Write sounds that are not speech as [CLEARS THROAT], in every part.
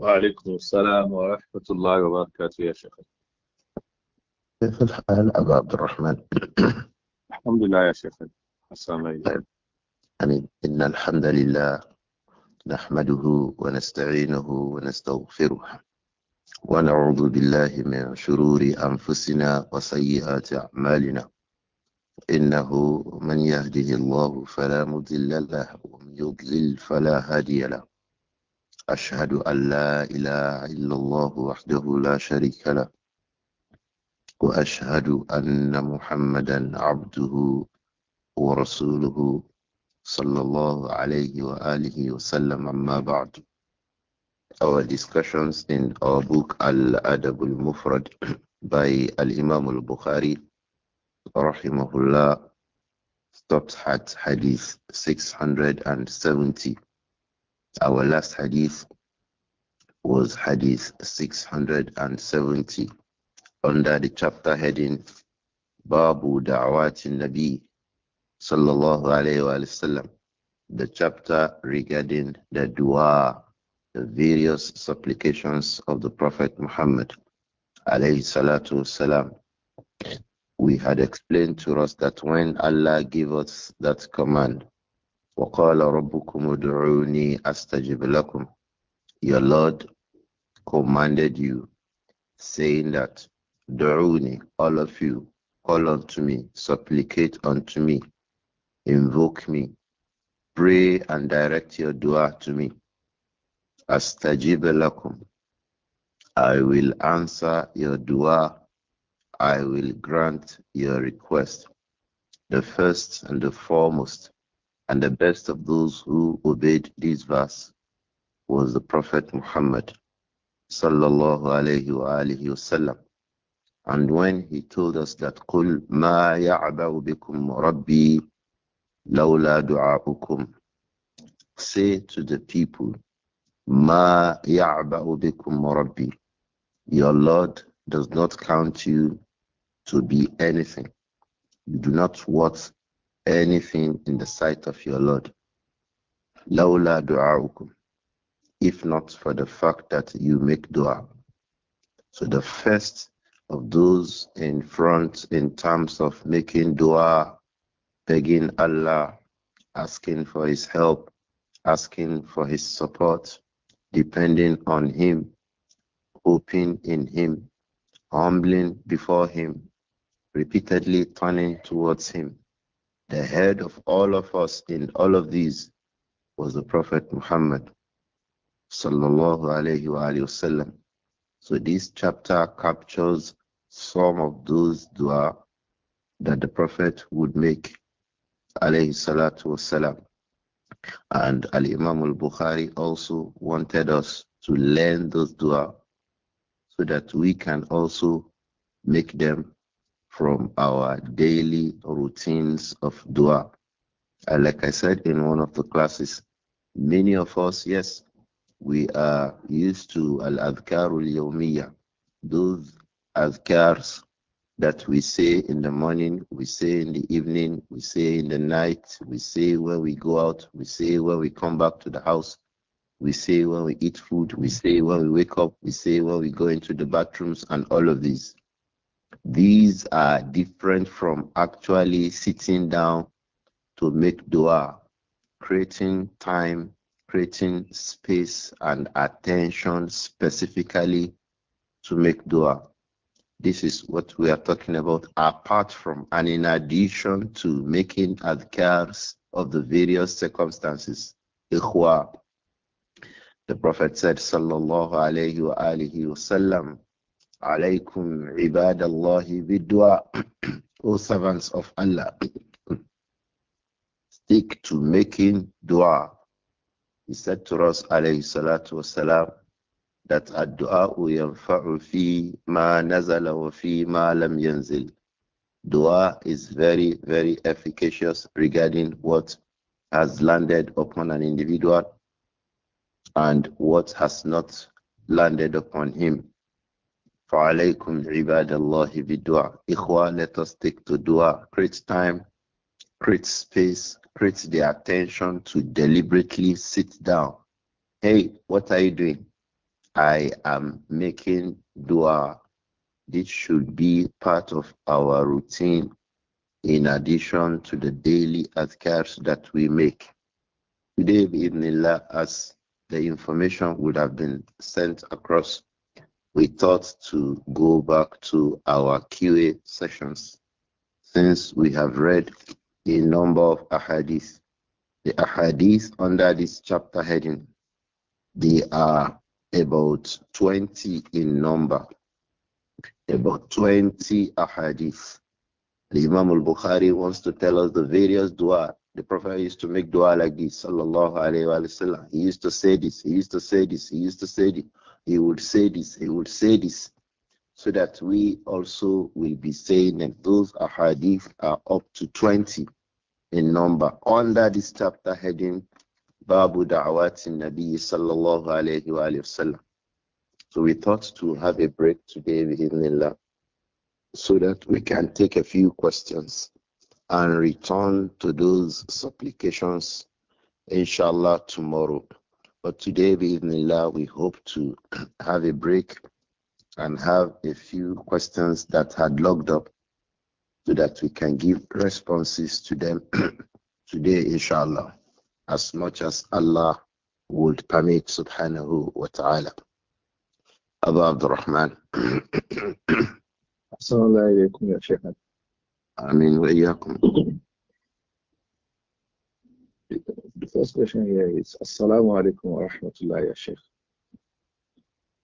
وعليكم السلام ورحمة الله وبركاته يا شيخ كيف الحال أبا عبد الرحمن [COUGHS] الحمد لله يا شيخ السلام عليكم طيب. أمين إن الحمد لله نحمده ونستعينه ونستغفره ونعوذ بالله من شرور أنفسنا وسيئات أعمالنا إنه من يهده الله فلا مضل له ومن يضلل فلا هادي له أشهد أن لا إله إلا الله وحده لا شريك له وأشهد أن محمدا عبده ورسوله صلى الله عليه وآله وسلم أما بعد Our discussions in our book Al-Adab al-Mufrad [CLEARS THROAT] by Al-Imam al-Bukhari rahimahullah stopped at hadith 670 our last hadith was hadith 670 under the chapter heading Babu Da'watin Nabi sallallahu alayhi wa sallam the chapter regarding the dua, the various supplications of the Prophet Muhammad. Salam. We had explained to us that when Allah gave us that command, وَقَالَ رَبُّكُمْ ادْعُونِي أَسْتَجِبْ لَكُمْ Your Lord commanded you, saying that, Da'uni, all of you, call unto me, supplicate unto me, invoke me, pray and direct your dua to me. Astajib lakum. I will answer your dua. I will grant your request. The first and the foremost and the best of those who obeyed this verse was the Prophet Muhammad sallallahu alayhi wa alihi wasallam. And when he told us that قُلْ مَا يَعْبَعُ بِكُمْ رَبِّي لَوْلَا دُعَاؤُكُمْ Say to the people, مَا يَعْبَعُ بِكُمْ رَبِّي Your Lord does not count you to be anything. You do not worth anything in the sight of your Lord. Laula du'a'ukum. If not for the fact that you make dua. So the first of those in front in terms of making dua, begging Allah, asking for His help, asking for His support, depending on Him, hoping in Him, humbling before Him, repeatedly turning towards Him. The head of all of us in all of these was the Prophet Muhammad sallallahu alayhi wa So this chapter captures some of those dua that the Prophet would make And Al Imam al Bukhari also wanted us to learn those dua so that we can also make them from our daily routines of dua. And like I said in one of the classes, many of us, yes, we are used to al adhkarul yawmiya, those adhkars that we say in the morning, we say in the evening, we say in the night, we say when we go out, we say when we come back to the house, we say when we eat food, we say when we wake up, we say when we go into the bathrooms, and all of these. These are different from actually sitting down to make dua, creating time, creating space and attention specifically to make dua. This is what we are talking about, apart from and in addition to making adhkars of the various circumstances. Ikhwa. The Prophet said, Sallallahu Alaihi Wasallam, alaykum عباد الله بالدعاء O servants of Allah [CLEARS THROAT] stick to making dua he said to us alayhi salatu wasalam that ad yanfa'u fi ma nazala wa fi ma lam yanzil dua is very very efficacious regarding what has landed upon an individual and what has not landed upon him فعليكم عباد الله بالدعاء إخوة let us take to dua create time create space create the attention to deliberately sit down hey what are you doing I am making dua this should be part of our routine in addition to the daily adhkars that we make today ibnillah as the information would have been sent across we thought to go back to our QA sessions since we have read a number of ahadith. The ahadith under this chapter heading, they are about 20 in number, about 20 ahadith. The Imam al-Bukhari wants to tell us the various dua. The Prophet used to make dua like this, sallallahu alayhi wa sallam. He used to say this, he used to say this, he used to say this. He would say this, he would say this, so that we also will be saying that those ahadith are up to 20 in number under this chapter heading Babu Da'awati Nabi Sallallahu Alaihi Wasallam. So we thought to have a break today with so that we can take a few questions and return to those supplications inshallah tomorrow. But today, Allah, we hope to [CLEARS THROAT] have a break and have a few questions that had logged up so that we can give responses to them [CLEARS THROAT] today, inshallah, as much as Allah would permit, subhanahu wa ta'ala. Abu Abdurrahman. [CLEARS THROAT] Assalamu alaikum, Ya Shaykh. Ameen wa first question here is Assalamu alaikum wa rahmatullahi ya Sheikh.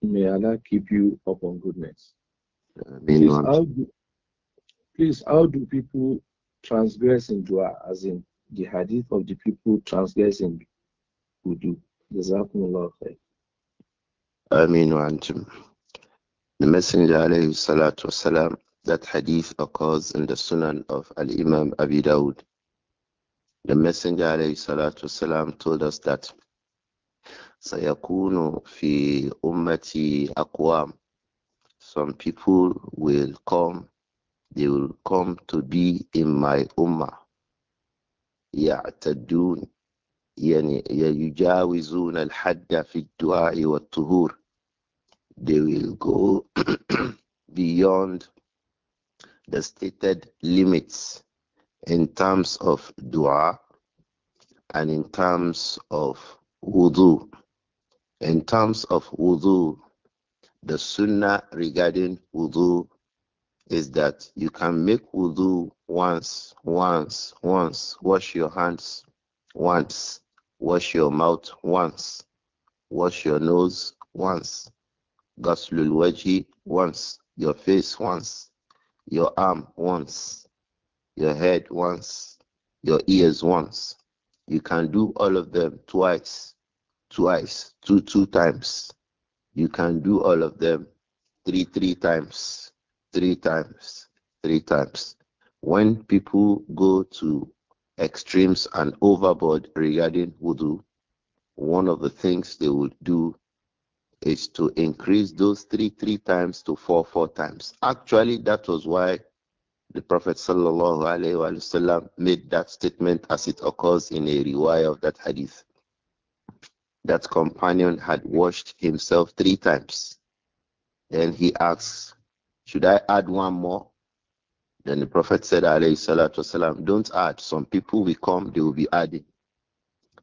May Allah keep you upon goodness. Please how, do, please, how do people transgress in dua, as in the hadith of the people transgressing wudu? Jazakumullah khair. Ameen wa antum. The Messenger alayhi salatu wasalam, that hadith occurs in the Sunan of Al Imam Abi Dawud the Messenger والسلام, told us that سيكون fi أمتي أقوام Some people will come, they will come to be in my ummah. يعتدون يعني يجاوزون dua في الدعاء tuhur They will go [CLEARS THROAT] beyond the stated limits in terms of dua and in terms of wudu. In terms of wudu, the sunnah regarding wudu is that you can make wudu once, once, once, wash your hands once, wash your mouth once, wash your nose once, gaslul waji once, your face once, your arm once your head once, your ears once. You can do all of them twice, twice, two, two times. You can do all of them three, three times, three times, three times. When people go to extremes and overboard regarding wudu, one of the things they would do is to increase those three, three times to four, four times. Actually, that was why the Prophet made that statement as it occurs in a riwayah of that hadith. That companion had washed himself three times. Then he asks, Should I add one more? Then the Prophet said, والسلام, Don't add. Some people will come, they will be adding.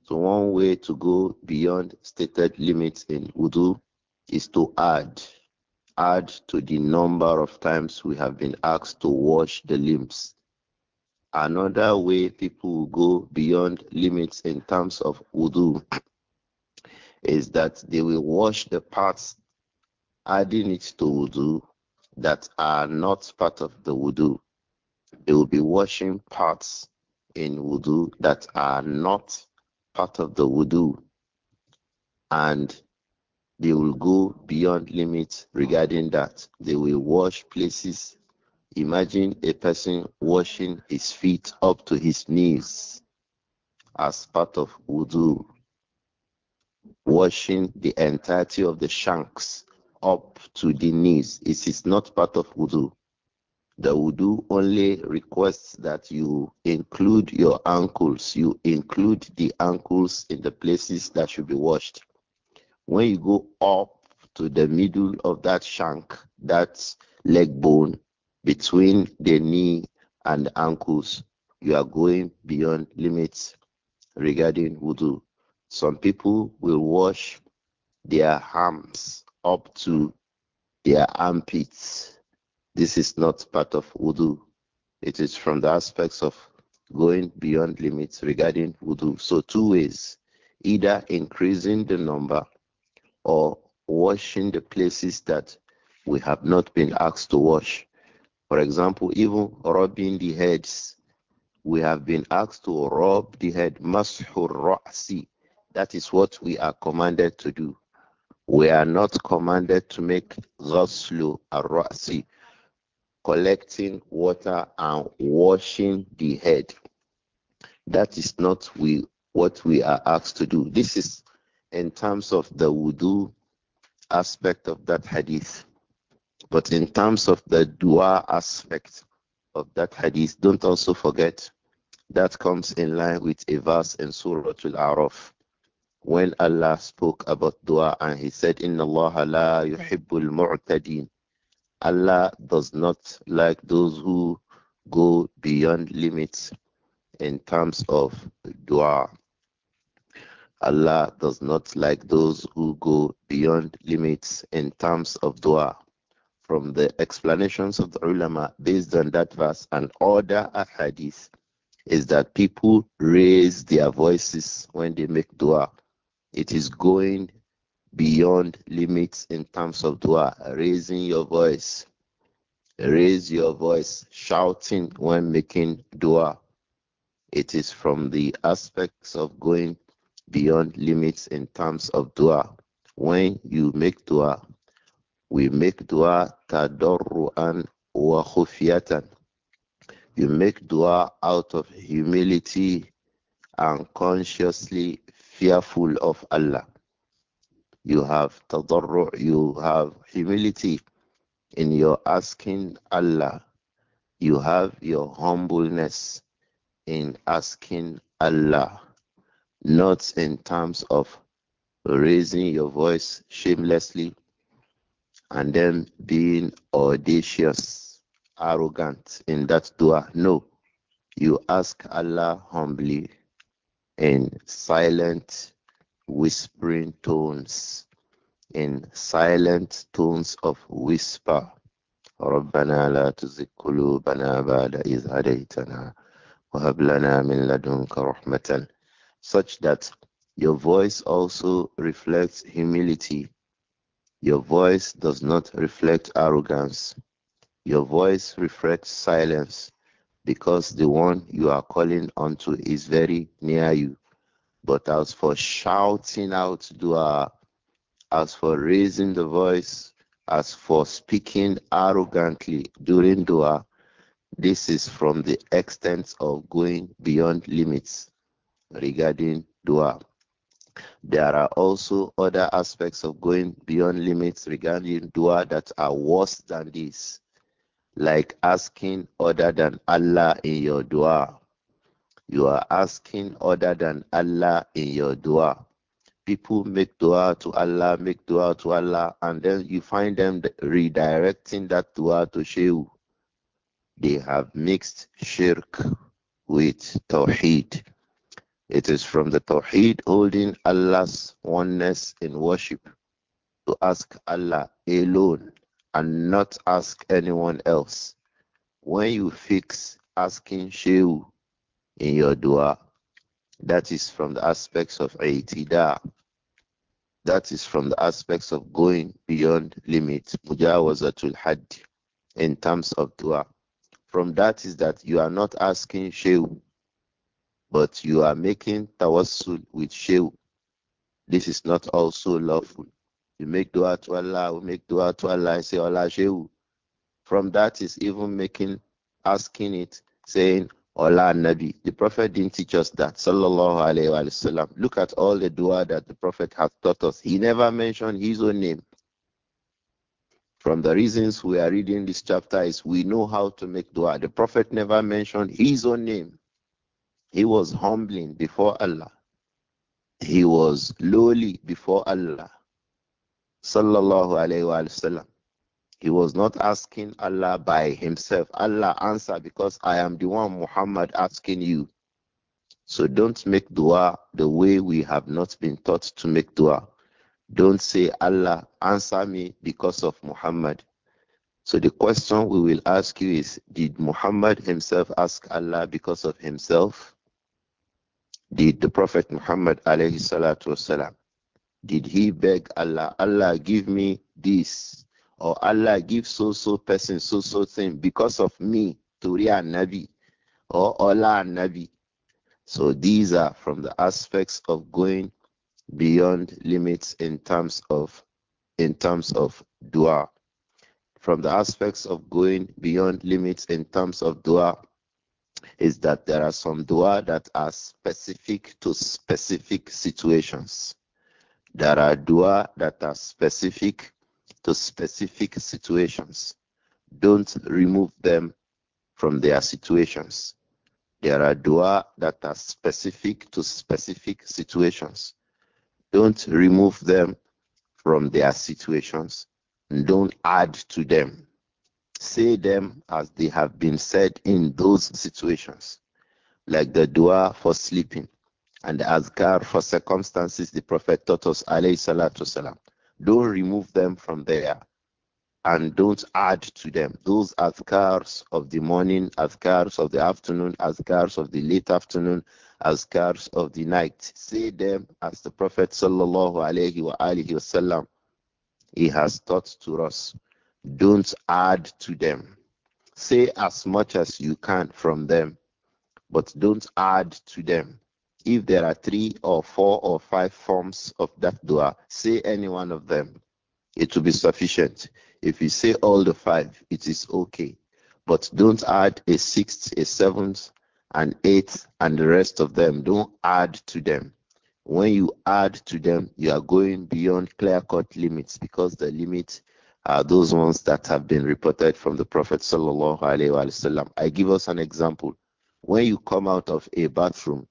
So, one way to go beyond stated limits in wudu is to add add to the number of times we have been asked to wash the limbs. Another way people go beyond limits in terms of wudu [CLEARS THROAT] is that they will wash the parts, adding it to wudu that are not part of the wudu. They will be washing parts in wudu that are not part of the wudu. And they will go beyond limits regarding that. They will wash places. Imagine a person washing his feet up to his knees as part of wudu, washing the entirety of the shanks up to the knees. It is not part of wudu. The wudu only requests that you include your ankles, you include the ankles in the places that should be washed. When you go up to the middle of that shank, that leg bone between the knee and the ankles, you are going beyond limits regarding wudu. Some people will wash their arms up to their armpits. This is not part of wudu. It is from the aspects of going beyond limits regarding wudu. So, two ways either increasing the number or washing the places that we have not been asked to wash. For example, even rubbing the heads. We have been asked to rub the head. Mashur That is what we are commanded to do. We are not commanded to make ghaslu ar-ra'si, collecting water and washing the head. That is not we what we are asked to do. This is in terms of the wudu aspect of that hadith. But in terms of the dua aspect of that hadith, don't also forget that comes in line with a verse in Surah Al-Araf when Allah spoke about dua and He said, Inna Allah la yuhibbul mu'tadin. Allah does not like those who go beyond limits in terms of dua. Allah does not like those who go beyond limits in terms of dua. From the explanations of the ulama based on that verse and other ahadith is that people raise their voices when they make dua. It is going beyond limits in terms of dua, raising your voice, raise your voice, shouting when making dua. It is from the aspects of going beyond limits in terms of dua. When you make dua, we make dua tadarruan wa khufiyatan. You make dua out of humility and consciously fearful of Allah. You have tadorru. you have humility in your asking Allah. You have your humbleness in asking Allah not in terms of raising your voice shamelessly and then being audacious, arrogant in that dua. No, you ask Allah humbly in silent, whispering tones, in silent tones of whisper. ربنا لا تزغ قلوبنا بعد إذ هديتنا وهب لنا من لدنك رحمة such that your voice also reflects humility. Your voice does not reflect arrogance. Your voice reflects silence because the one you are calling unto is very near you. But as for shouting out dua, as for raising the voice, as for speaking arrogantly during dua, this is from the extent of going beyond limits regarding dua. There are also other aspects of going beyond limits regarding dua that are worse than this, like asking other than Allah in your dua. You are asking other than Allah in your dua. People make dua to Allah, make dua to Allah, and then you find them redirecting that dua to Shehu. They have mixed shirk with tawheed it is from the Tawheed holding Allah's oneness in worship to ask Allah alone and not ask anyone else. When you fix asking Shehu in your dua, that is from the aspects of Aitida. That is from the aspects of going beyond limits, mujawazatul Hadd, in terms of dua. From that is that you are not asking Shehu but you are making tawassul with shew. This is not also lawful. You make dua to Allah, we make dua to Allah and say Allah shew. From that is even making, asking it, saying Allah Nabi. The Prophet didn't teach us that. Sallallahu alayhi wasallam. Wa Look at all the dua that the Prophet has taught us. He never mentioned his own name. From the reasons we are reading this chapter is we know how to make dua. The Prophet never mentioned his own name. He was humbling before Allah. He was lowly before Allah. Sallallahu alayhi wasallam. he was not asking Allah by himself. Allah answer because I am the one Muhammad asking you. So don't make dua the way we have not been taught to make dua. Don't say Allah answer me because of Muhammad. So the question we will ask you is Did Muhammad himself ask Allah because of himself? Did the Prophet Muhammad alayhi salatu wasalam, did he beg Allah, Allah give me this, or Allah give so so person so so thing because of me, Turiya Nabi, or Allah Nabi? So these are from the aspects of going beyond limits in terms of in terms of dua. From the aspects of going beyond limits in terms of dua is that there are some dua that are specific to specific situations. There are dua that are specific to specific situations. Don't remove them from their situations. There are dua that are specific to specific situations. Don't remove them from their situations. Don't add to them say them as they have been said in those situations, like the dua for sleeping and the azkar for circumstances the Prophet taught us, alayhi salatu salam. Don't remove them from there and don't add to them. Those azkars of the morning, azkars of the afternoon, azkars of the late afternoon, azkars of the night. Say them as the Prophet sallallahu alayhi wa alihi wasallam he has taught to us. Don't add to them. Say as much as you can from them, but don't add to them. If there are three or four or five forms of that dua, say any one of them. It will be sufficient. If you say all the five, it is okay. But don't add a sixth, a seventh, an eighth, and the rest of them. Don't add to them when you add to them, you are going beyond clear cut limits because the limit are uh, those ones that have been reported from the Prophet sallallahu alaihi I give us an example. When you come out of a bathroom,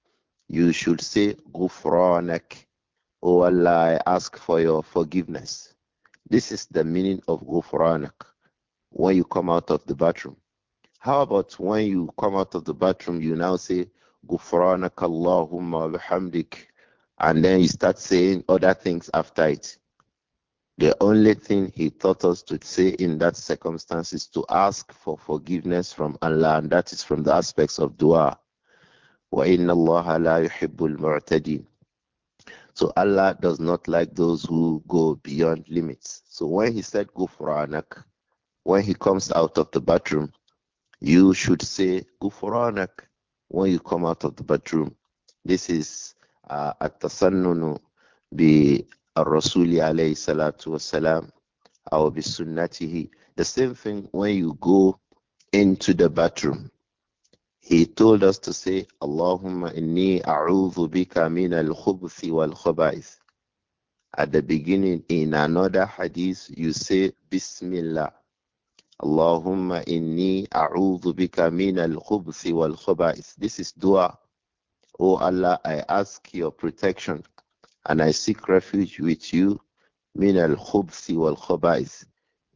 you should say Gufranak. Oh Allah, I ask for your forgiveness. This is the meaning of Gufranak when you come out of the bathroom. How about when you come out of the bathroom, you now say Gufranak Allahumma bihamdik, and then you start saying other things after it. The only thing he taught us to say in that circumstance is to ask for forgiveness from Allah, and that is from the aspects of dua. وَإِنَّ اللَّهَ لَا يُحِبُّ الْمُعْتَدِينَ So Allah does not like those who go beyond limits. So when he said Gufranak, when he comes out of the bathroom, you should say Gufranak when you come out of the bathroom. This is at uh, الرسول عليه الصلاة والسلام أو بسنته the same thing when you go into the bathroom he told us to say Allahumma inni a'udhu bika min al-khubuthi wal-khaba'ith at the beginning in another hadith you say bismillah Allahumma inni a'udhu bika min al-khubuthi wal-khaba'ith this is dua oh Allah I ask your protection and I seek refuge with you, min al khubsi wal khubais,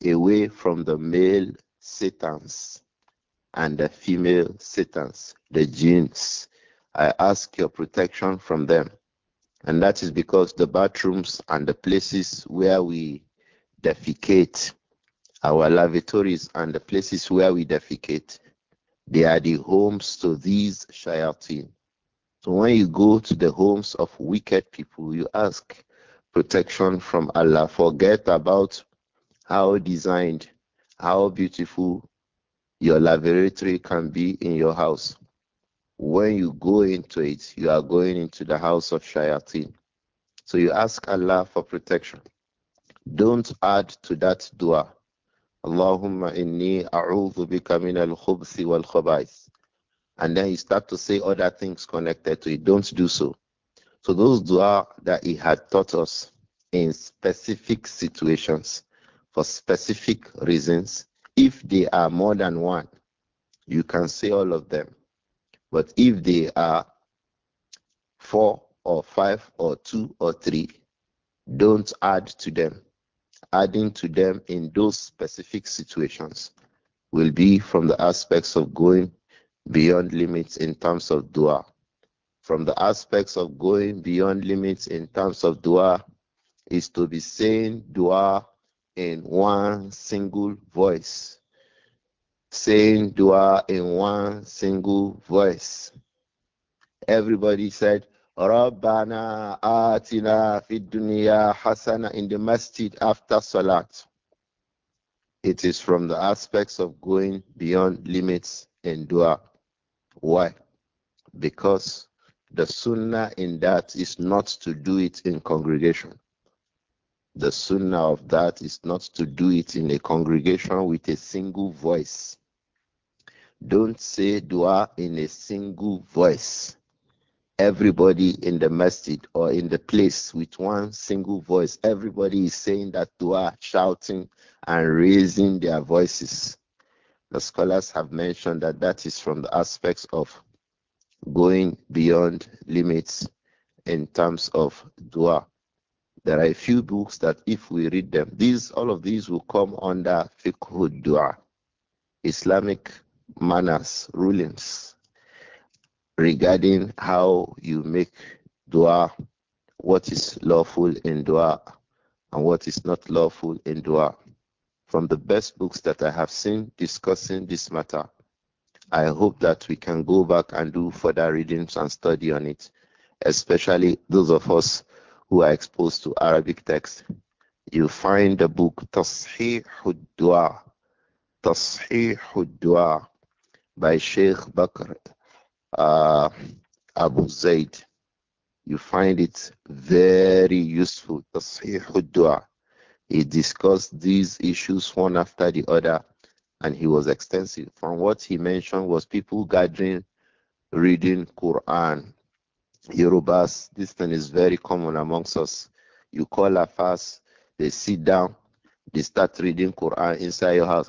away from the male satans and the female satans, the jinns. I ask your protection from them. And that is because the bathrooms and the places where we defecate, our lavatories and the places where we defecate, they are the homes to these shayateen. So when you go to the homes of wicked people, you ask protection from Allah. Forget about how designed, how beautiful your lavatory can be in your house. When you go into it, you are going into the house of shayateen. So you ask Allah for protection. Don't add to that dua. Allahumma inni a'udhu bika min al-khubthi wal-khabais and then he start to say other things connected to it. Don't do so. So those dua that he had taught us in specific situations for specific reasons, if they are more than one, you can say all of them. But if they are four or five or two or three, don't add to them. Adding to them in those specific situations will be from the aspects of going beyond limits in terms of dua. From the aspects of going beyond limits in terms of dua is to be saying dua in one single voice. Saying dua in one single voice. Everybody said, Rabbana atina fid dunya hasana in the masjid after salat. It is from the aspects of going beyond limits in dua. Why? Because the sunnah in that is not to do it in congregation. The sunnah of that is not to do it in a congregation with a single voice. Don't say dua in a single voice. Everybody in the masjid or in the place with one single voice, everybody is saying that dua, shouting and raising their voices. The scholars have mentioned that that is from the aspects of going beyond limits in terms of dua. There are a few books that if we read them, these all of these will come under fiqh dua, Islamic manners, rulings regarding how you make dua, what is lawful in dua and what is not lawful in dua from the best books that I have seen discussing this matter. I hope that we can go back and do further readings and study on it, especially those of us who are exposed to Arabic texts. You find the book Tasheeh Dua, Tasheeh Dua by Sheikh Bakr uh, Abu Zaid. You find it very useful. Tasheeh Dua. He discussed these issues one after the other, and he was extensive. From what he mentioned was people gathering, reading Quran. Yorubas, this thing is very common amongst us. You call a fast, they sit down, they start reading Quran inside your house.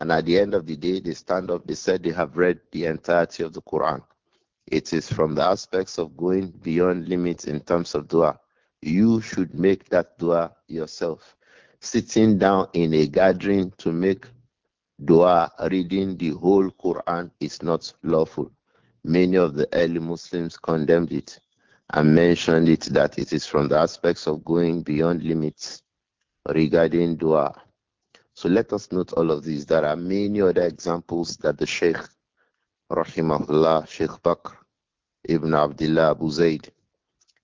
And at the end of the day, they stand up, they said they have read the entirety of the Quran. It is from the aspects of going beyond limits in terms of dua. You should make that dua yourself. Sitting down in a gathering to make dua, reading the whole Quran is not lawful. Many of the early Muslims condemned it and mentioned it that it is from the aspects of going beyond limits regarding dua. So let us note all of these. There are many other examples that the Sheikh, Rahimahullah, Sheikh Bakr, Ibn Abdullah Abu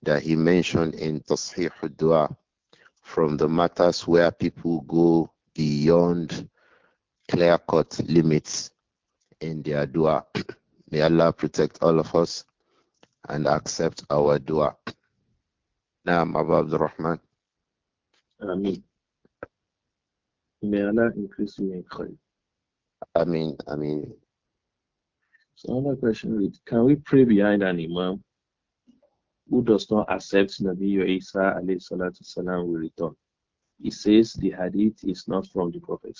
that he mentioned in Tasheeh Dua from the matters where people go beyond clear cut limits in their dua. [CLEARS THROAT] May Allah protect all of us and accept our dua. Naam Abu Abdurrahman. Ameen. May Allah increase you in khair. Ameen. Ameen. So another question is, can we pray behind an imam? who does not accept Nabi Isa salam will return. He says the hadith is not from the Prophet.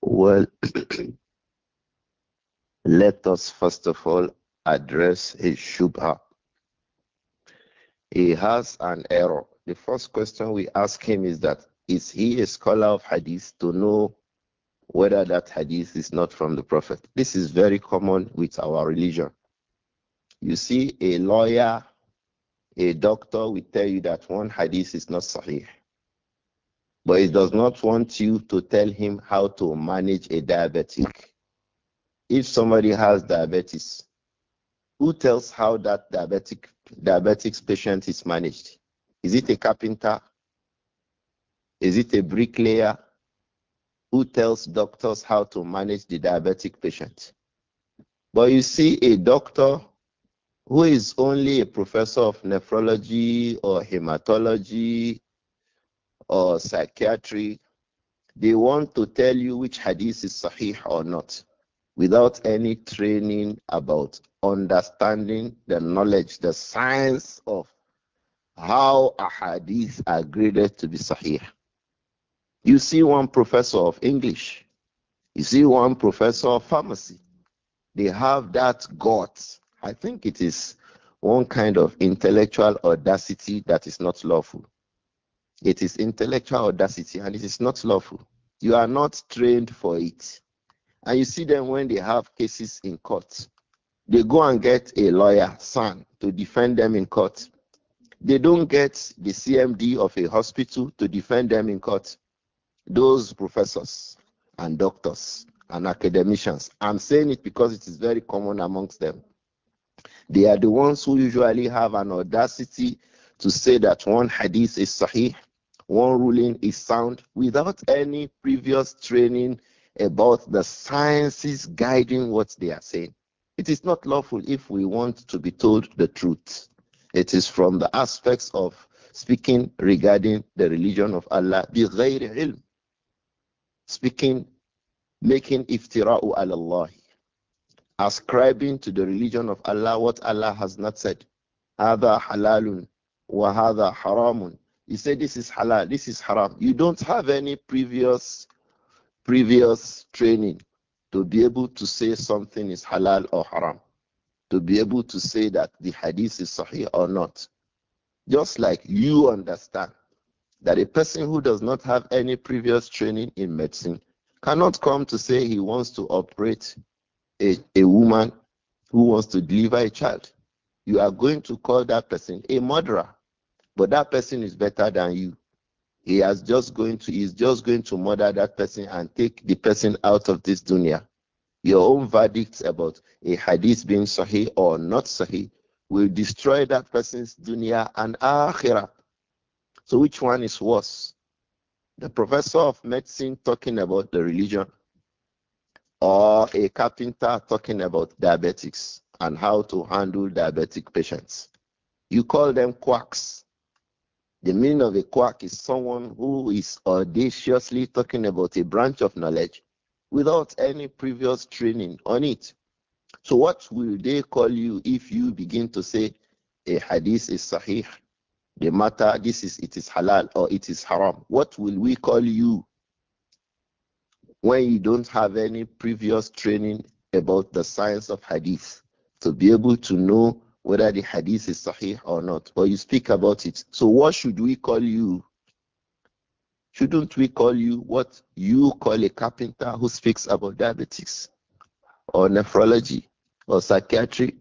Well, [CLEARS THROAT] let us first of all address his shubha. He has an error. The first question we ask him is that is he a scholar of hadith to know whether that hadith is not from the Prophet. This is very common with our religion. You see, a lawyer, a doctor will tell you that one hadith is not sahih, but it does not want you to tell him how to manage a diabetic. If somebody has diabetes, who tells how that diabetic diabetic patient is managed? Is it a carpenter? Is it a bricklayer? who tells doctors how to manage the diabetic patient. But you see a doctor who is only a professor of nephrology or hematology or psychiatry, they want to tell you which hadith is sahih or not without any training about understanding the knowledge, the science of how a hadith are graded to be sahih. You see one professor of English, you see one professor of pharmacy. They have that gut. I think it is one kind of intellectual audacity that is not lawful. It is intellectual audacity and it is not lawful. You are not trained for it. And you see them when they have cases in court. They go and get a lawyer, son, to defend them in court. They don't get the CMD of a hospital to defend them in court those professors and doctors and academicians. I'm saying it because it is very common amongst them. They are the ones who usually have an audacity to say that one hadith is sahih, one ruling is sound, without any previous training about the sciences guiding what they are saying. It is not lawful if we want to be told the truth. It is from the aspects of speaking regarding the religion of Allah, بغير speaking, making iftira'u ala Allah, ascribing to the religion of Allah what Allah has not said. Hada halalun wa hada haramun. You say this is halal, this is haram. You don't have any previous previous training to be able to say something is halal or haram, to be able to say that the hadith is sahih or not. Just like you understand that a person who does not have any previous training in medicine cannot come to say he wants to operate a, a woman who wants to deliver a child. You are going to call that person a murderer, but that person is better than you. He just going to is just going to murder that person and take the person out of this dunya. Your own verdicts about a hadith being sahih or not sahih will destroy that person's dunya and akhirah. So which one is worse? The professor of medicine talking about the religion or a carpenter talking about diabetics and how to handle diabetic patients. You call them quacks. The meaning of a quack is someone who is audaciously talking about a branch of knowledge without any previous training on it. So, what will they call you if you begin to say a hadith is sahih the matter, this is it is halal or it is haram. What will we call you when you don't have any previous training about the science of hadith to be able to know whether the hadith is sahih or not, or you speak about it. So what should we call you? Shouldn't we call you what you call a carpenter who speaks about diabetes or nephrology or psychiatry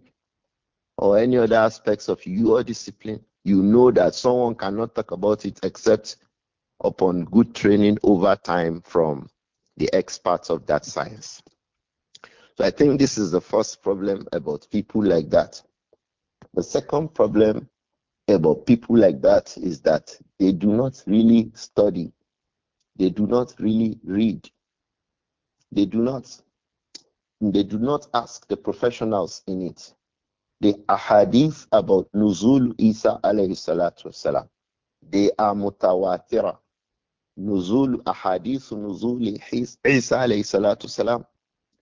or any other aspects of your discipline you know that someone cannot talk about it except upon good training over time from the experts of that science. So I think this is the first problem about people like that. The second problem about people like that is that they do not really study, they do not really read, they do not they do not ask the professionals in it the ahadith about Nuzul Isa alayhi salatu wasalam, they are mutawatira. Nuzul ahadith Nuzul Isa alayhi salatu wasalam,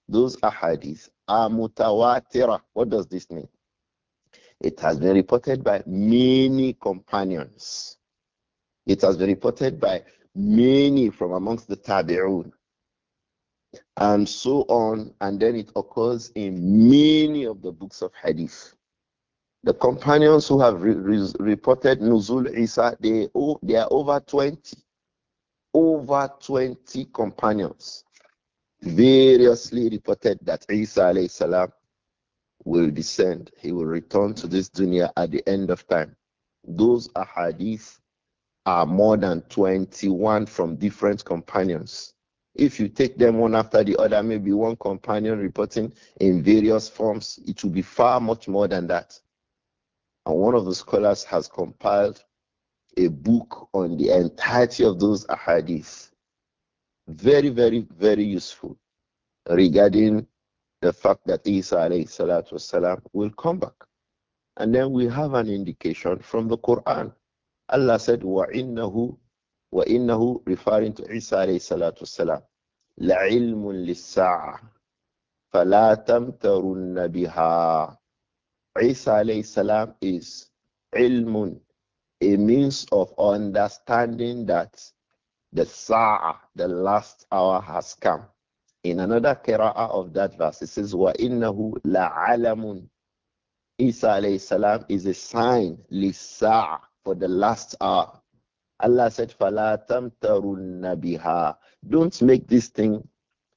those ahadith are mutawatira. What does this mean? It has been reported by many companions. It has been reported by many from amongst the tabi'un and so on. And then it occurs in many of the books of hadith. The companions who have re re reported Nuzul Isa, they, oh, they are over 20. Over 20 companions variously reported that Isa salam will descend. He will return to this dunya at the end of time. Those ahadith are more than 21 from different companions. If you take them one after the other, maybe one companion reporting in various forms, it will be far much more than that. And one of the scholars has compiled a book on the entirety of those ahadith. Very, very, very useful regarding the fact that Isa والسلام, will come back. And then we have an indication from the Quran. Allah said, وَإِنَّهُ وَإِنَّهُ referring to Isa alayhi salatu wasalam لَعِلْمٌ لِلسَّاعَةِ فَلَا تَمْتَرُنَّ بِهَا عِيسَى alayhi salam is ilmun, a means of understanding that the ساعة the last hour has come. In another قراءة of that verse, it says, وَإِنَّهُ لَعَلَمٌ عِيسَى alayhi salam is a sign, لِلْسَّاعَةِ for the last hour. Allah said, Fala tamtarunna biha. Don't make this thing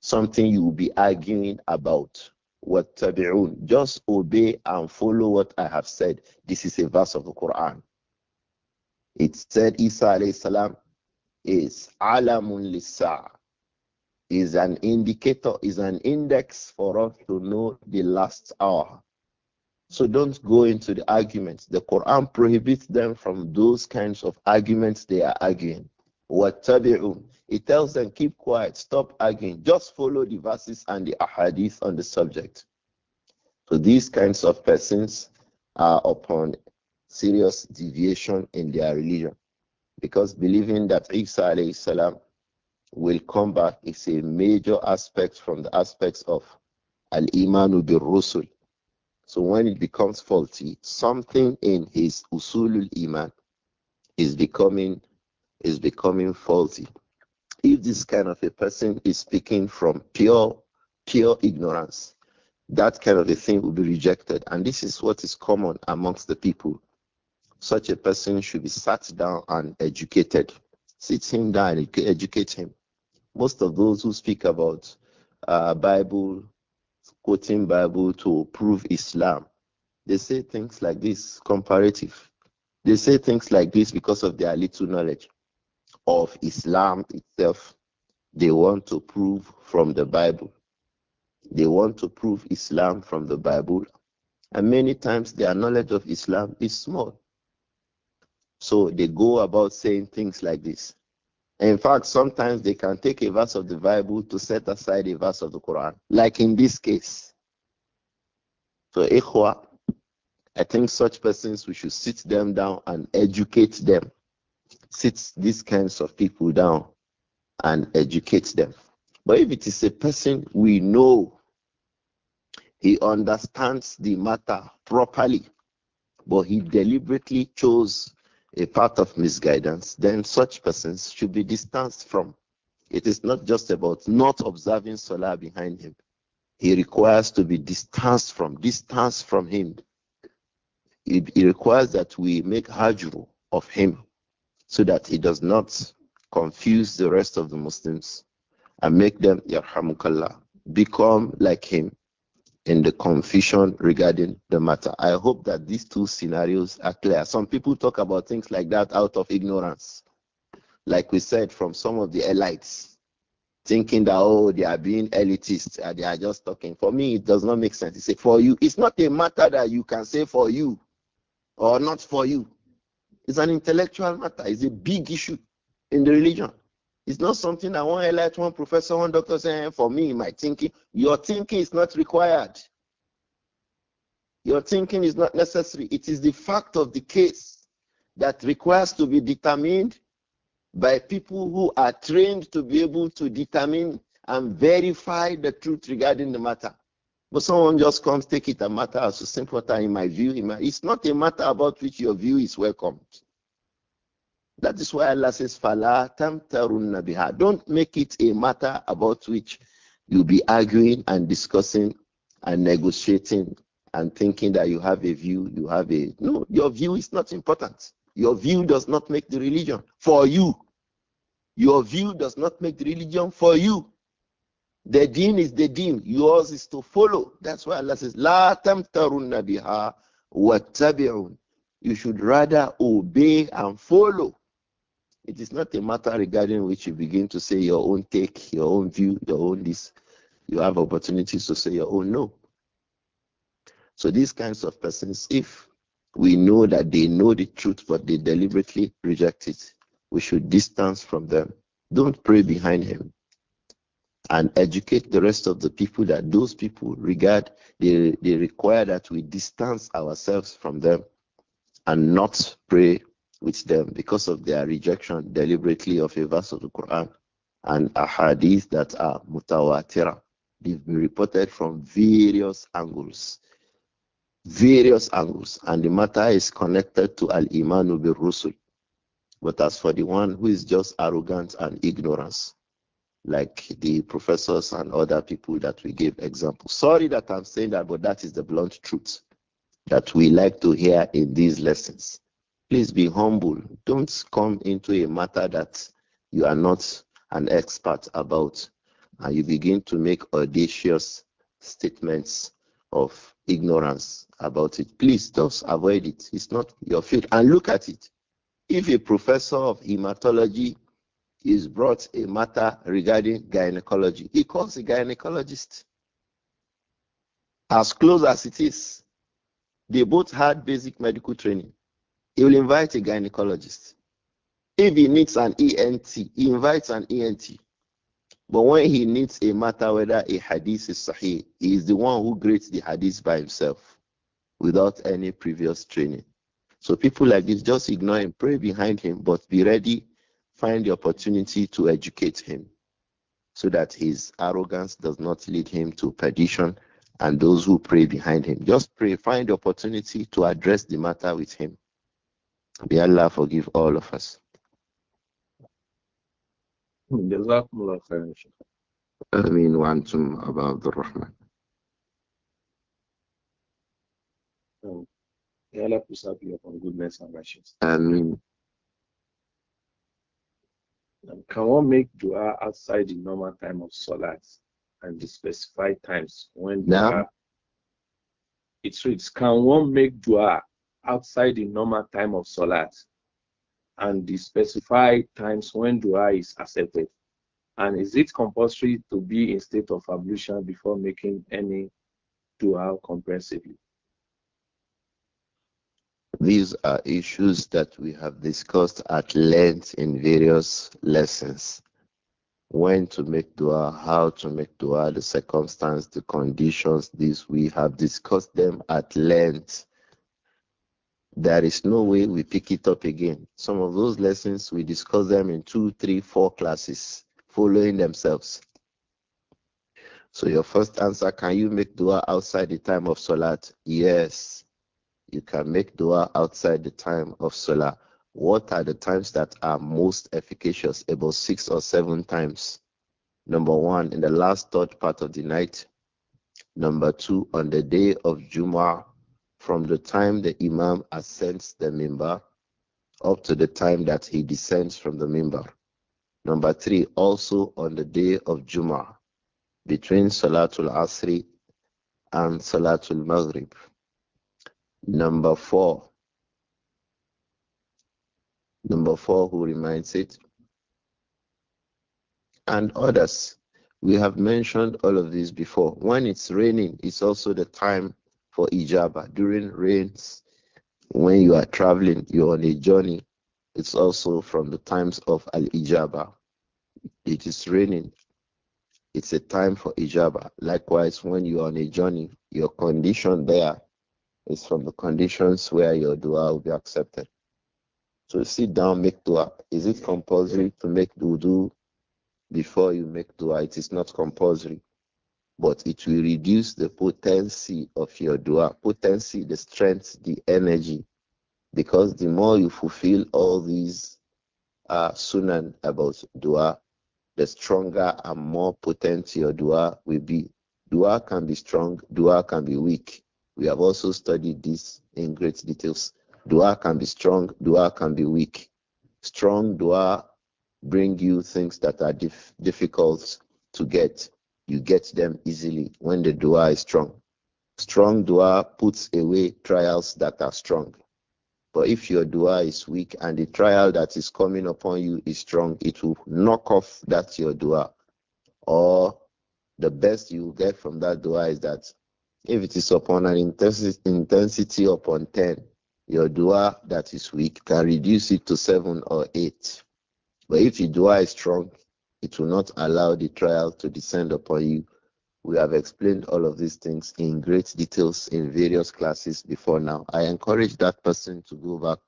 something you will be arguing about. What tabi'un. Just obey and follow what I have said. This is a verse of the Quran. It said Isa alayhi salam is alamun lisa is an indicator, is an index for us to know the last hour. So don't go into the arguments. The Quran prohibits them from those kinds of arguments they are arguing. وَاتَّبِعُوا It tells them, keep quiet, stop arguing, just follow the verses and the ahadith on the subject. So these kinds of persons are upon serious deviation in their religion. Because believing that Isa salam will come back is a major aspect from the aspects of Al-Imanu bil-Rusul, so when it becomes faulty, something in his usulul iman is becoming is becoming faulty. If this kind of a person is speaking from pure pure ignorance, that kind of a thing will be rejected. And this is what is common amongst the people. Such a person should be sat down and educated. Sit him down and educate him. Most of those who speak about uh, Bible quoting Bible to prove Islam. They say things like this, comparative. They say things like this because of their little knowledge of Islam itself. They want to prove from the Bible. They want to prove Islam from the Bible. And many times their knowledge of Islam is small. So they go about saying things like this. In fact, sometimes they can take a verse of the Bible to set aside a verse of the Quran, like in this case. So, Ikhwa, I think such persons, we should sit them down and educate them. Sit these kinds of people down and educate them. But if it is a person we know, he understands the matter properly, but he deliberately chose a path of misguidance, then such persons should be distanced from. It is not just about not observing Salah behind him. He requires to be distanced from, distanced from him. It, requires that we make hajru of him so that he does not confuse the rest of the Muslims and make them, yarhamukallah, become like him in the confusion regarding the matter. I hope that these two scenarios are clear. Some people talk about things like that out of ignorance, like we said from some of the elites, thinking that, oh, they are being elitist, they are just talking. For me, it does not make sense. It's for you. It's not a matter that you can say for you or not for you. It's an intellectual matter, it's a big issue in the religion. It's not something that one Elect one professor, one doctor saying eh, for me, my thinking. Your thinking is not required. Your thinking is not necessary. It is the fact of the case that requires to be determined by people who are trained to be able to determine and verify the truth regarding the matter. But someone just comes, take it a matter as a simple matter, in my view. In my, it's not a matter about which your view is welcomed. That is why Allah says, Fala tamtarun biha. Don't make it a matter about which you'll be arguing and discussing and negotiating and thinking that you have a view, you have a. No, your view is not important. Your view does not make the religion for you. Your view does not make the religion for you. The deen is the deen. Yours is to follow. That's why Allah says, La tamtarun biha wattabi'un. You should rather obey and follow. It is not a matter regarding which you begin to say your own take, your own view, your own this. You have opportunities to say your own no. So these kinds of persons, if we know that they know the truth but they deliberately reject it, we should distance from them. Don't pray behind him. And educate the rest of the people that those people regard, they, they require that we distance ourselves from them and not pray with them because of their rejection deliberately of a verse of the Quran and ahadith that are mutawatira. They've been reported from various angles. Various angles. And the matter is connected to Al Imanu Rusul. But as for the one who is just arrogant and ignorance, like the professors and other people that we gave examples. Sorry that I'm saying that, but that is the blunt truth that we like to hear in these lessons. Please be humble. Don't come into a matter that you are not an expert about and you begin to make audacious statements of ignorance about it. Please just avoid it. It's not your field. And look at it. If a professor of hematology is brought a matter regarding gynecology, he calls a gynecologist. As close as it is, they both had basic medical training. He will invite a gynecologist. If he needs an ENT, he invites an ENT. But when he needs a matter whether a hadith is sahih, he is the one who grades the hadith by himself without any previous training. So people like this, just ignore him, pray behind him, but be ready, find the opportunity to educate him so that his arrogance does not lead him to perdition and those who pray behind him. Just pray, find the opportunity to address the matter with him. May Allah forgive all of us. جزاكم الله خيرا امين وانتم ابا عبد الرحمن May Allah preserve you upon goodness and righteousness. Ameen. Um, can one make dua outside the normal time of Salat and the specified times when no. dua? It reads, Can one make dua outside the normal time of salat and the specified times when dua is accepted? And is it compulsory to be in state of ablution before making any dua comprehensively? These are issues that we have discussed at length in various lessons. When to make dua, how to make dua, the circumstance, the conditions, this we have discussed them at length there is no way we pick it up again. Some of those lessons, we discuss them in two, three, four classes, following themselves. So your first answer, can you make dua outside the time of salat? Yes, you can make dua outside the time of salat. What are the times that are most efficacious? About six or seven times. Number one, in the last third part of the night. Number two, on the day of Jumu'ah from the time the Imam ascends the mimbar up to the time that he descends from the mimbar. Number three, also on the day of Jummah, between Salatul Asri and Salatul Maghrib. Number four, number four, who reminds it? And others. We have mentioned all of these before. When it's raining, it's also the time for ijaba during rains when you are traveling you're on a journey it's also from the times of al ijaba it is raining it's a time for ijaba likewise when you are on a journey your condition there is from the conditions where your dua will be accepted so sit down make dua is it compulsory to make wudu before you make dua it is not compulsory but it will reduce the potency of your dua, potency, the strength, the energy, because the more you fulfill all these uh, sunan about dua, the stronger and more potent your dua will be. Dua can be strong, dua can be weak. We have also studied this in great details. Dua can be strong, dua can be weak. Strong dua bring you things that are dif difficult to get you get them easily when the dua is strong. Strong dua puts away trials that are strong. But if your dua is weak and the trial that is coming upon you is strong, it will knock off that your dua. Or the best you get from that dua is that if it is upon an intensity, intensity upon 10, your dua that is weak can reduce it to 7 or 8. But if your dua is strong, it will not allow the trial to descend upon you. We have explained all of these things in great details in various classes before now. I encourage that person to go back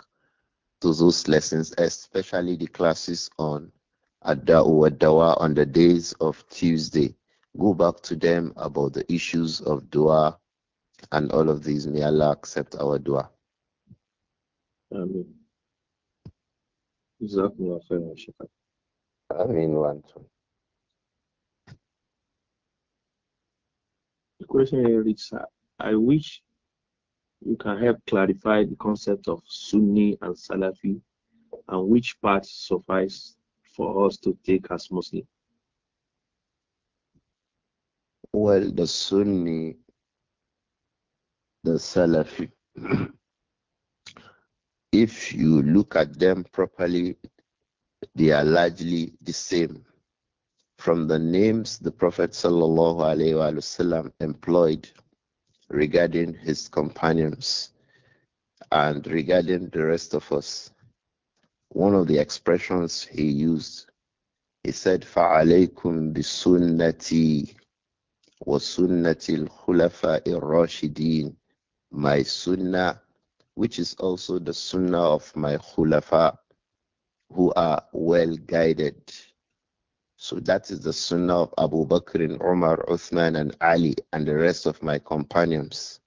to those lessons, especially the classes on Adawadawa on the days of Tuesday. Go back to them about the issues of dua and all of these. May Allah accept our dua. Amen. آمين وأنتم The question is, uh, I wish you can help clarify the concept of Sunni and Salafi and which part suffice for us to take as Muslim. Well, the Sunni, the Salafi, [CLEARS THROAT] if you look at them properly, they are largely the same. From the names the Prophet ﷺ employed regarding his companions and regarding the rest of us, one of the expressions he used, he said, فَعَلَيْكُمْ بِسُنَّتِي وَسُنَّةِ الْخُلَفَاءِ الرَّاشِدِينَ My sunnah, which is also the sunnah of my khulafa, who are well guided. So that is the sunnah of Abu Bakr and Umar, Uthman and Ali and the rest of my companions.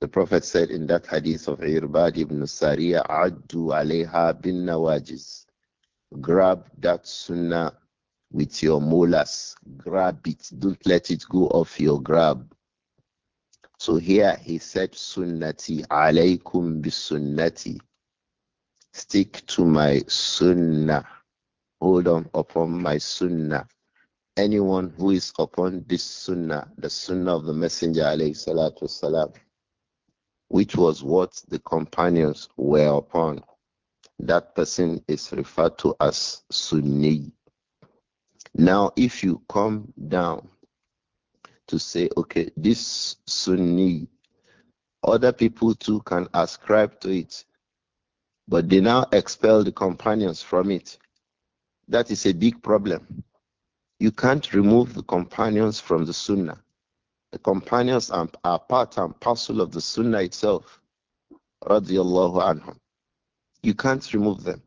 The Prophet said in that hadith of Irbad ibn Sariya, Addu alayha bin nawajiz. Grab that sunnah with your molars. Grab it. Don't let it go off your grab. So here he said, Sunnati alaykum bi sunnati." Stick to my sunnah. Hold on upon my sunnah. Anyone who is upon this sunnah, the sunnah of the Messenger, والسلام, which was what the companions were upon, that person is referred to as Sunni. Now, if you come down to say, okay, this Sunni, other people too can ascribe to it. But they now expel the companions from it. That is a big problem. You can't remove the companions from the Sunnah. The companions are, part and parcel of the Sunnah itself. anhum. You can't remove them.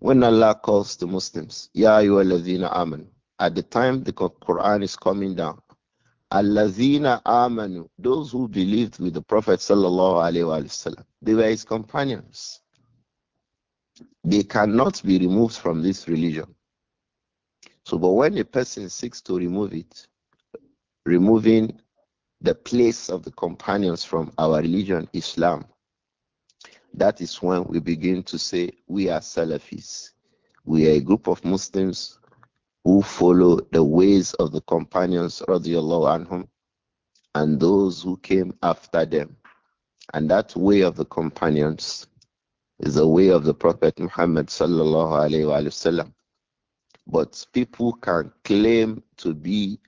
When Allah calls the Muslims, Ya ayyuhalladhina Aman. at the time the Quran is coming down, Alladhina amanu, those who believed with the Prophet sallallahu alaihi wasallam, they were his companions. They cannot be removed from this religion. So, but when a person seeks to remove it, removing the place of the companions from our religion, Islam, that is when we begin to say we are Salafis. We are a group of Muslims who follow the ways of the companions anhum and those who came after them. And that way of the companions is the way of the Prophet Muhammad sallallahu alaihi wasallam. But people can claim to be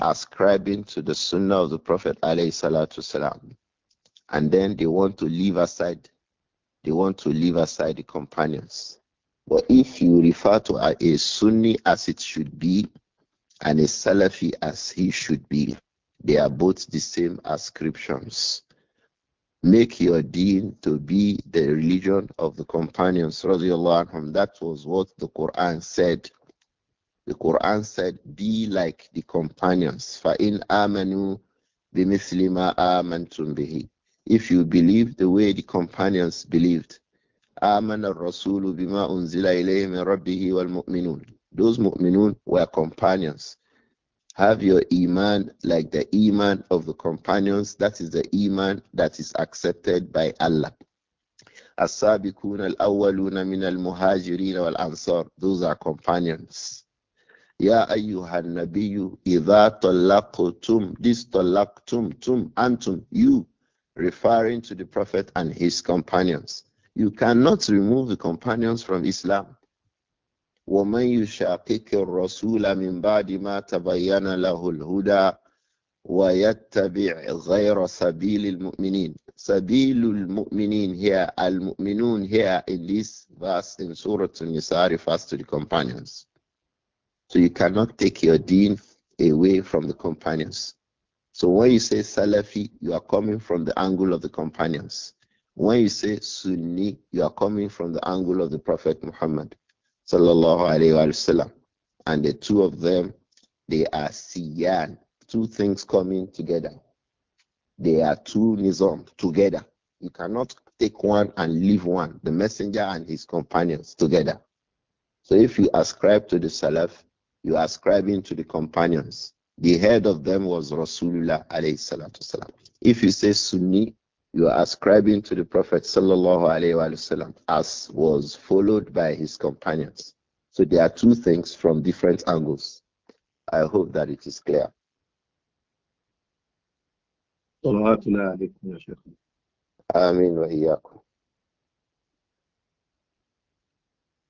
ascribing to the Sunnah of the Prophet alayhi salatu wasalam, and then they want to leave aside, they want to leave aside the companions. But if you refer to a, a Sunni as it should be, and a Salafi as he should be, they are both the same ascriptions. Make your deen to be the religion of the companions. Anhum. That was what the Quran said. The Quran said, Be like the companions. فَإِنْ آمَنُوا بِمِثْلِ مَا آمَنْتُمْ بِهِ If you believe the way the companions believed, آمن الرسول بما أنزل إليه من ربه والمؤمنون Those mu'minun were companions. Have your Iman like the Iman of the companions. That is the Iman that is accepted by Allah. السابقون الأولون من المهاجرين والأنصار those are companions يا أيها النبي إذا طلقتم this طلقتم تم أنتم you referring to the prophet and his companions you cannot remove the companions from Islam ومن يشاقق الرسول من بعد ما تبين له الهدى ويتبع غير سبيل المؤمنين سبيل المؤمنين هِيَ المؤمنون هِيَ in this verse in Surah nisa refers to the companions so you cannot take your deen away from the companions so when you say Salafi you are coming from the angle of the companions when you say Sunni you are coming from the angle of the Prophet Muhammad sallallahu alayhi wasallam. and the two of them, they are siyan, two things coming together. They are two nizam together. You cannot take one and leave one, the messenger and his companions together. So if you ascribe to the Salaf, you are ascribing to the companions. The head of them was Rasulullah alayhi salatu salam. If you say Sunni, you are ascribing to the Prophet وسلم, as was followed by his companions. So there are two things from different angles. I hope that it is clear. صلواتنا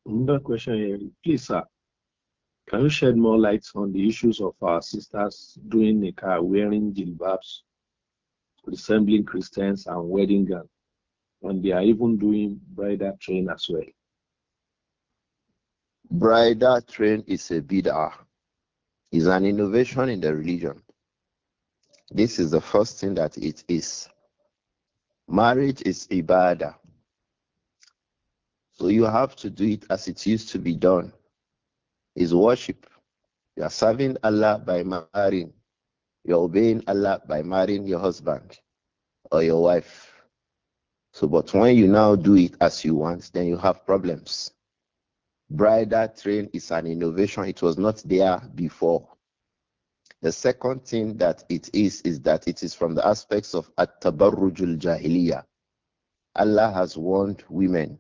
Another question here. Please, sir, can you shed more light on the issues of our sisters doing nikah, wearing jilbabs resembling Christians and wedding gown. And they are even doing bridal train as well. Bridal train is a bid'ah, is an innovation in the religion. This is the first thing that it is. Marriage is ibadah. So you have to do it as it used to be done. Is worship. You are serving Allah by marrying. You're obeying Allah by marrying your husband or your wife. So, but when you now do it as you want, then you have problems. Bridal train is an innovation. It was not there before. The second thing that it is is that it is from the aspects of at-tabarrujul jahiliya. Allah has warned women,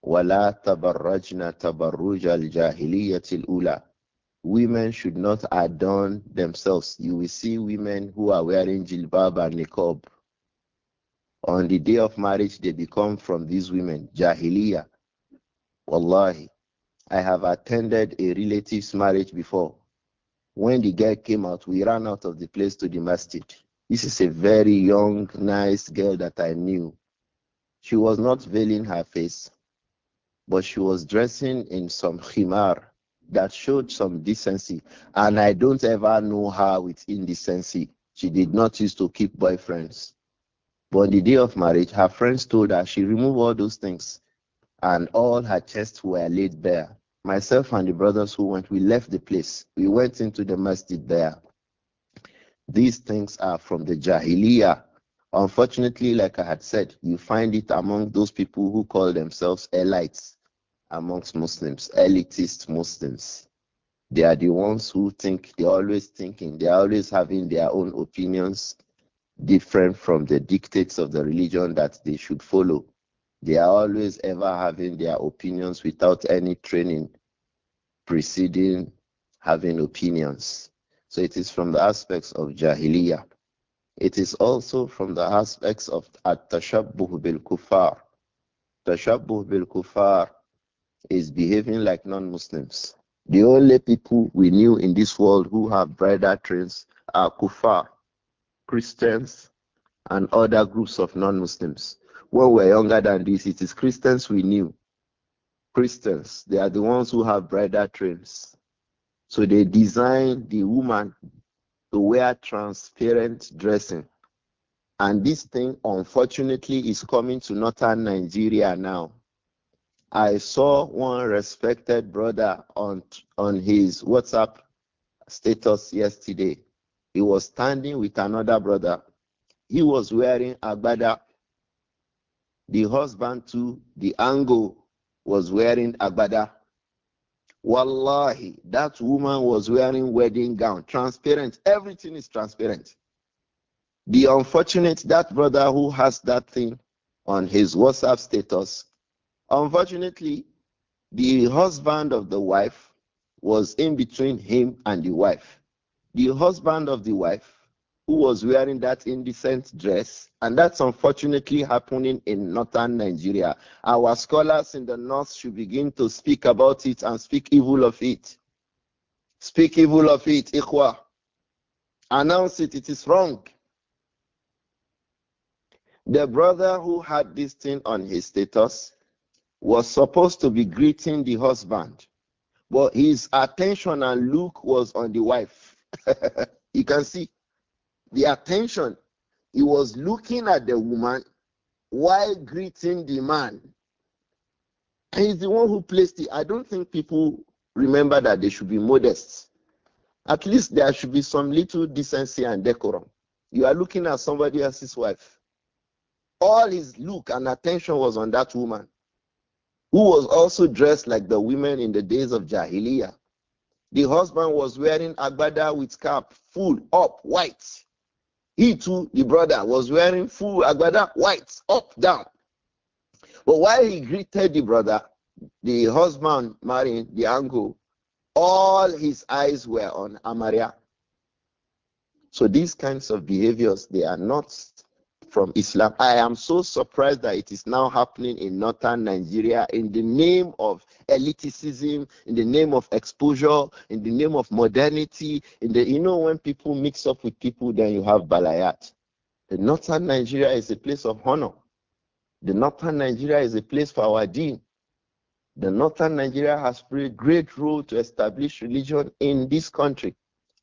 wala tabarrajna tabarruj al-jahiliyatil ula women should not adorn themselves. You will see women who are wearing jilbab and niqab. On the day of marriage, they become from these women, jahiliya. Wallahi, I have attended a relative's marriage before. When the girl came out, we ran out of the place to the masjid. This is a very young, nice girl that I knew. She was not veiling her face, but she was dressing in some khimar, that showed some decency. And I don't ever know her with indecency. She did not used to keep boyfriends. But on the day of marriage, her friends told her she removed all those things and all her chests were laid bare. Myself and the brothers who went, we left the place. We went into the masjid there. These things are from the Jahiliyyah. Unfortunately, like I had said, you find it among those people who call themselves elites amongst Muslims, elitist Muslims. They are the ones who think, they're always thinking, they're always having their own opinions different from the dictates of the religion that they should follow. They are always ever having their opinions without any training preceding having opinions. So it is from the aspects of Jahiliyyah. It is also from the aspects of At-Tashabbuh bil-Kufar. Tashabbuh bil-Kufar is behaving like non Muslims. The only people we knew in this world who have brighter trains are Kufa, Christians, and other groups of non Muslims. When we're younger than this, it is Christians we knew. Christians, they are the ones who have brighter trains. So they design the woman to wear transparent dressing. And this thing, unfortunately, is coming to northern Nigeria now. I saw one respected brother on on his WhatsApp status yesterday. He was standing with another brother. He was wearing a agbada. The husband too, the angle was wearing a agbada. Wallahi, that woman was wearing wedding gown, transparent. Everything is transparent. The unfortunate that brother who has that thing on his WhatsApp status Unfortunately, the husband of the wife was in between him and the wife. The husband of the wife, who was wearing that indecent dress, and that's unfortunately happening in northern Nigeria. Our scholars in the north should begin to speak about it and speak evil of it. Speak evil of it, Ikwa. Announce it, it is wrong. The brother who had this thing on his status, was supposed to be greeting the husband, but his attention and look was on the wife. [LAUGHS] you can see the attention. He was looking at the woman while greeting the man. And he's the one who placed it. I don't think people remember that they should be modest. At least there should be some little decency and decorum. You are looking at somebody else's wife. All his look and attention was on that woman who was also dressed like the women in the days of Jahiliyyah. The husband was wearing agbada with cap, full, up, white. He too, the brother, was wearing full agbada, white, up, down. But while he greeted the brother, the husband marrying the uncle, all his eyes were on Amaria. So these kinds of behaviors, they are not from Islam. I am so surprised that it is now happening in northern Nigeria in the name of elitism, in the name of exposure, in the name of modernity. In the you know when people mix up with people, then you have balayat. The northern Nigeria is a place of honor. The northern Nigeria is a place for our deen. The northern Nigeria has played a great role to establish religion in this country.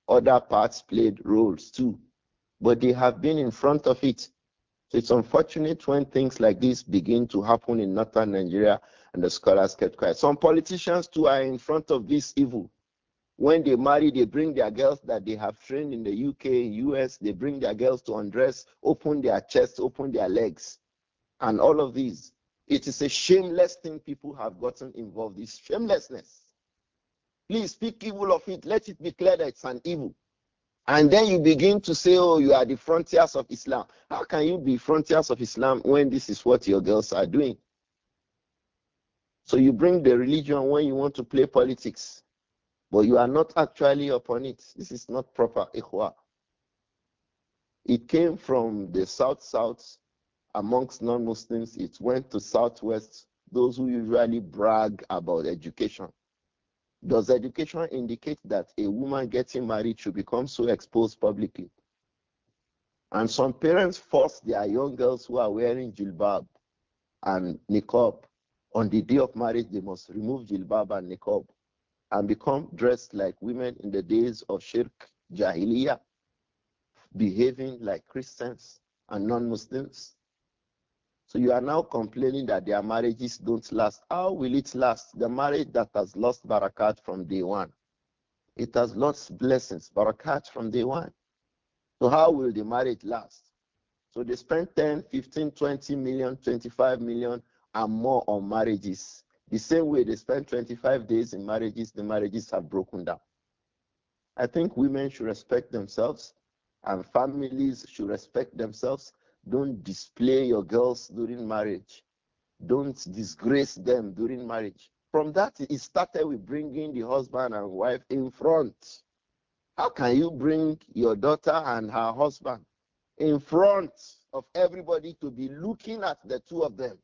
Other parts played roles too, but they have been in front of it it's unfortunate when things like this begin to happen in northern Nigeria and the scholars kept quiet. Some politicians too are in front of this evil. When they marry, they bring their girls that they have trained in the UK, US, they bring their girls to undress, open their chests, open their legs, and all of these. It is a shameless thing people have gotten involved in. Shamelessness. Please speak evil of it. Let it be clear that it's an evil. And then you begin to say, oh, you are the frontiers of Islam. How can you be frontiers of Islam when this is what your girls are doing? So you bring the religion when you want to play politics, but you are not actually upon it. This is not proper ikhwa. It came from the south-south amongst non-Muslims. It went to southwest, those who usually brag about education. Does education indicate that a woman getting married should become so exposed publicly? And some parents force their young girls who are wearing jilbab and niqab on the day of marriage, they must remove jilbab and niqab and become dressed like women in the days of shirk, jahiliyyah, behaving like Christians and non Muslims. So you are now complaining that their marriages don't last. How will it last? The marriage that has lost barakat from day one. It has lost blessings, barakat from day one. So how will the marriage last? So they spend 10, 15, 20 million, 25 million and more on marriages. The same way they spend 25 days in marriages, the marriages have broken down. I think women should respect themselves and families should respect themselves don't display your girls during marriage. Don't disgrace them during marriage. From that, it started with bringing the husband and wife in front. How can you bring your daughter and her husband in front of everybody to be looking at the two of them?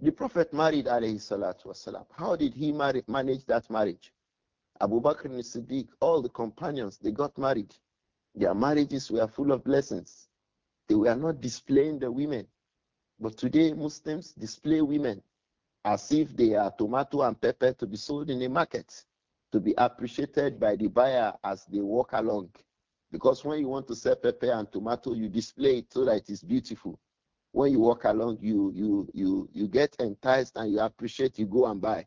The Prophet married alayhi salatu wasalam. How did he manage that marriage? Abu Bakr and Siddiq, all the companions, they got married. Their marriages were full of blessings. They were not displaying the women. But today, Muslims display women as if they are tomato and pepper to be sold in a market, to be appreciated by the buyer as they walk along. Because when you want to sell pepper and tomato, you display it so that it is beautiful. When you walk along, you you you you get enticed and you appreciate, you go and buy.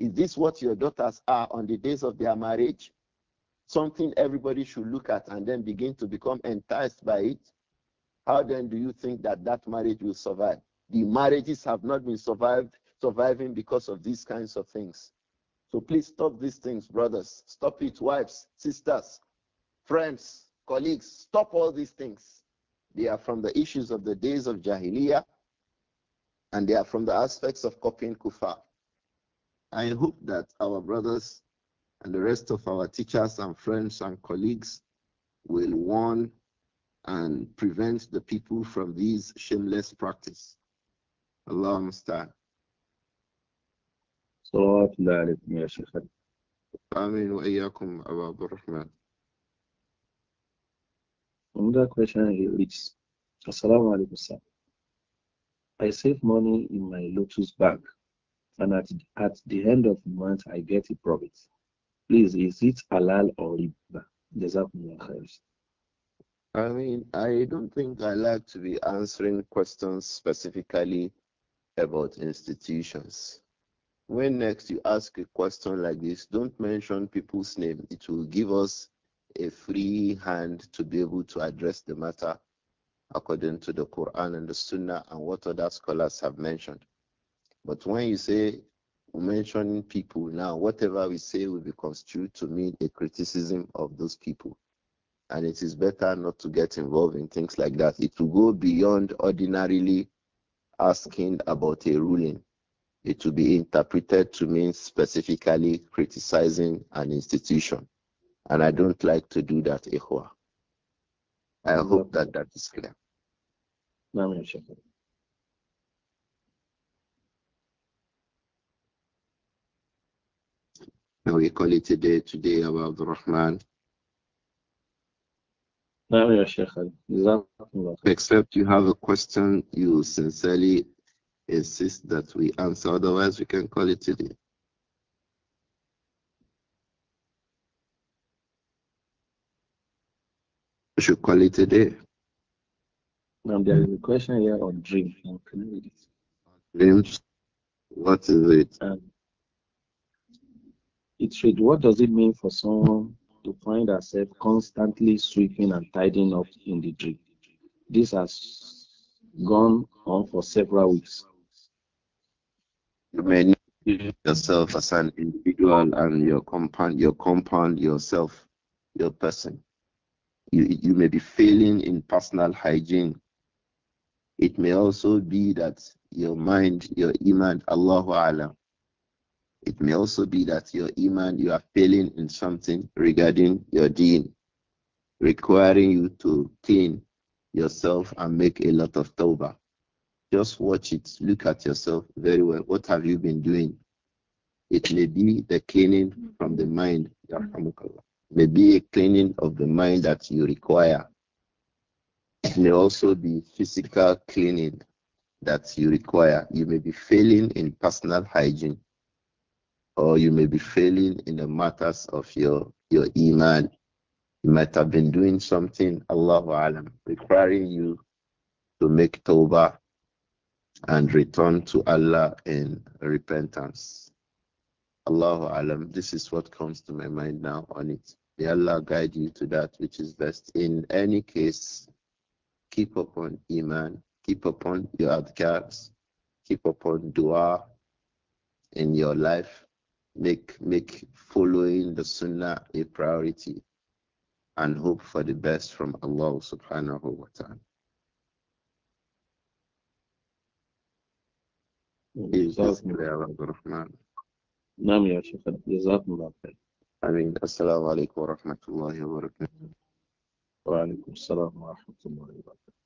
Is this what your daughters are on the days of their marriage? Something everybody should look at and then begin to become enticed by it. How then do you think that that marriage will survive? The marriages have not been survived, surviving because of these kinds of things. So please stop these things, brothers. Stop it, wives, sisters, friends, colleagues. Stop all these things. They are from the issues of the days of Jahiliyyah and they are from the aspects of copying kufar. I hope that our brothers and the rest of our teachers and friends and colleagues will warn and prevent the people from these shameless practice. Allah musta'an. صلوات الله عليكم يا شيخ آمين وإياكم أبا rahman الرحمن Another question he reads, Assalamu alaikum sir. I save money in my Lotus bank and at, at the end of the month I get a profit. Please, is it halal or riba? Jazakumullah khair. I mean, I don't think I like to be answering questions specifically about institutions. When next you ask a question like this, don't mention people's name. It will give us a free hand to be able to address the matter according to the Quran and the Sunnah and what other scholars have mentioned. But when you say mentioning people now, whatever we say will be construed to mean a criticism of those people and it is better not to get involved in things like that. It will go beyond ordinarily asking about a ruling. It will be interpreted to mean specifically criticizing an institution. And I don't like to do that, Ehwa. I mm-hmm. hope that that is clear. Now we call it a day today about Rahman. Except you have a question you sincerely insist that we answer, otherwise we can call it today. We should call it today. Now there is a question here on dreams. Dreams. What is it? Um, it should. What does it mean for someone to find ourselves constantly sweeping and tidying up in the dream. This has gone on for several weeks. You may need yourself as an individual and your compound, your compound, yourself, your person. You, you may be failing in personal hygiene. It may also be that your mind, your iman, Allahu Alam, it may also be that your iman, you are failing in something regarding your deen, requiring you to clean yourself and make a lot of tawbah. Just watch it, look at yourself very well. What have you been doing? It may be the cleaning from the mind, may be a cleaning of the mind that you require. It may also be physical cleaning that you require. You may be failing in personal hygiene or you may be failing in the matters of your your iman. You might have been doing something, Allah alam, requiring you to make tawbah and return to Allah in repentance. Allah alam. This is what comes to my mind now on it. May Allah guide you to that which is best. In any case, keep upon iman, keep upon your adhkars, keep upon dua in your life make make following the sunnah a priority and hope for the best from Allah subhanahu wa ta'ala. I mean, assalamu alaikum wa rahmatullahi wa barakatuh. Wa alaikum assalam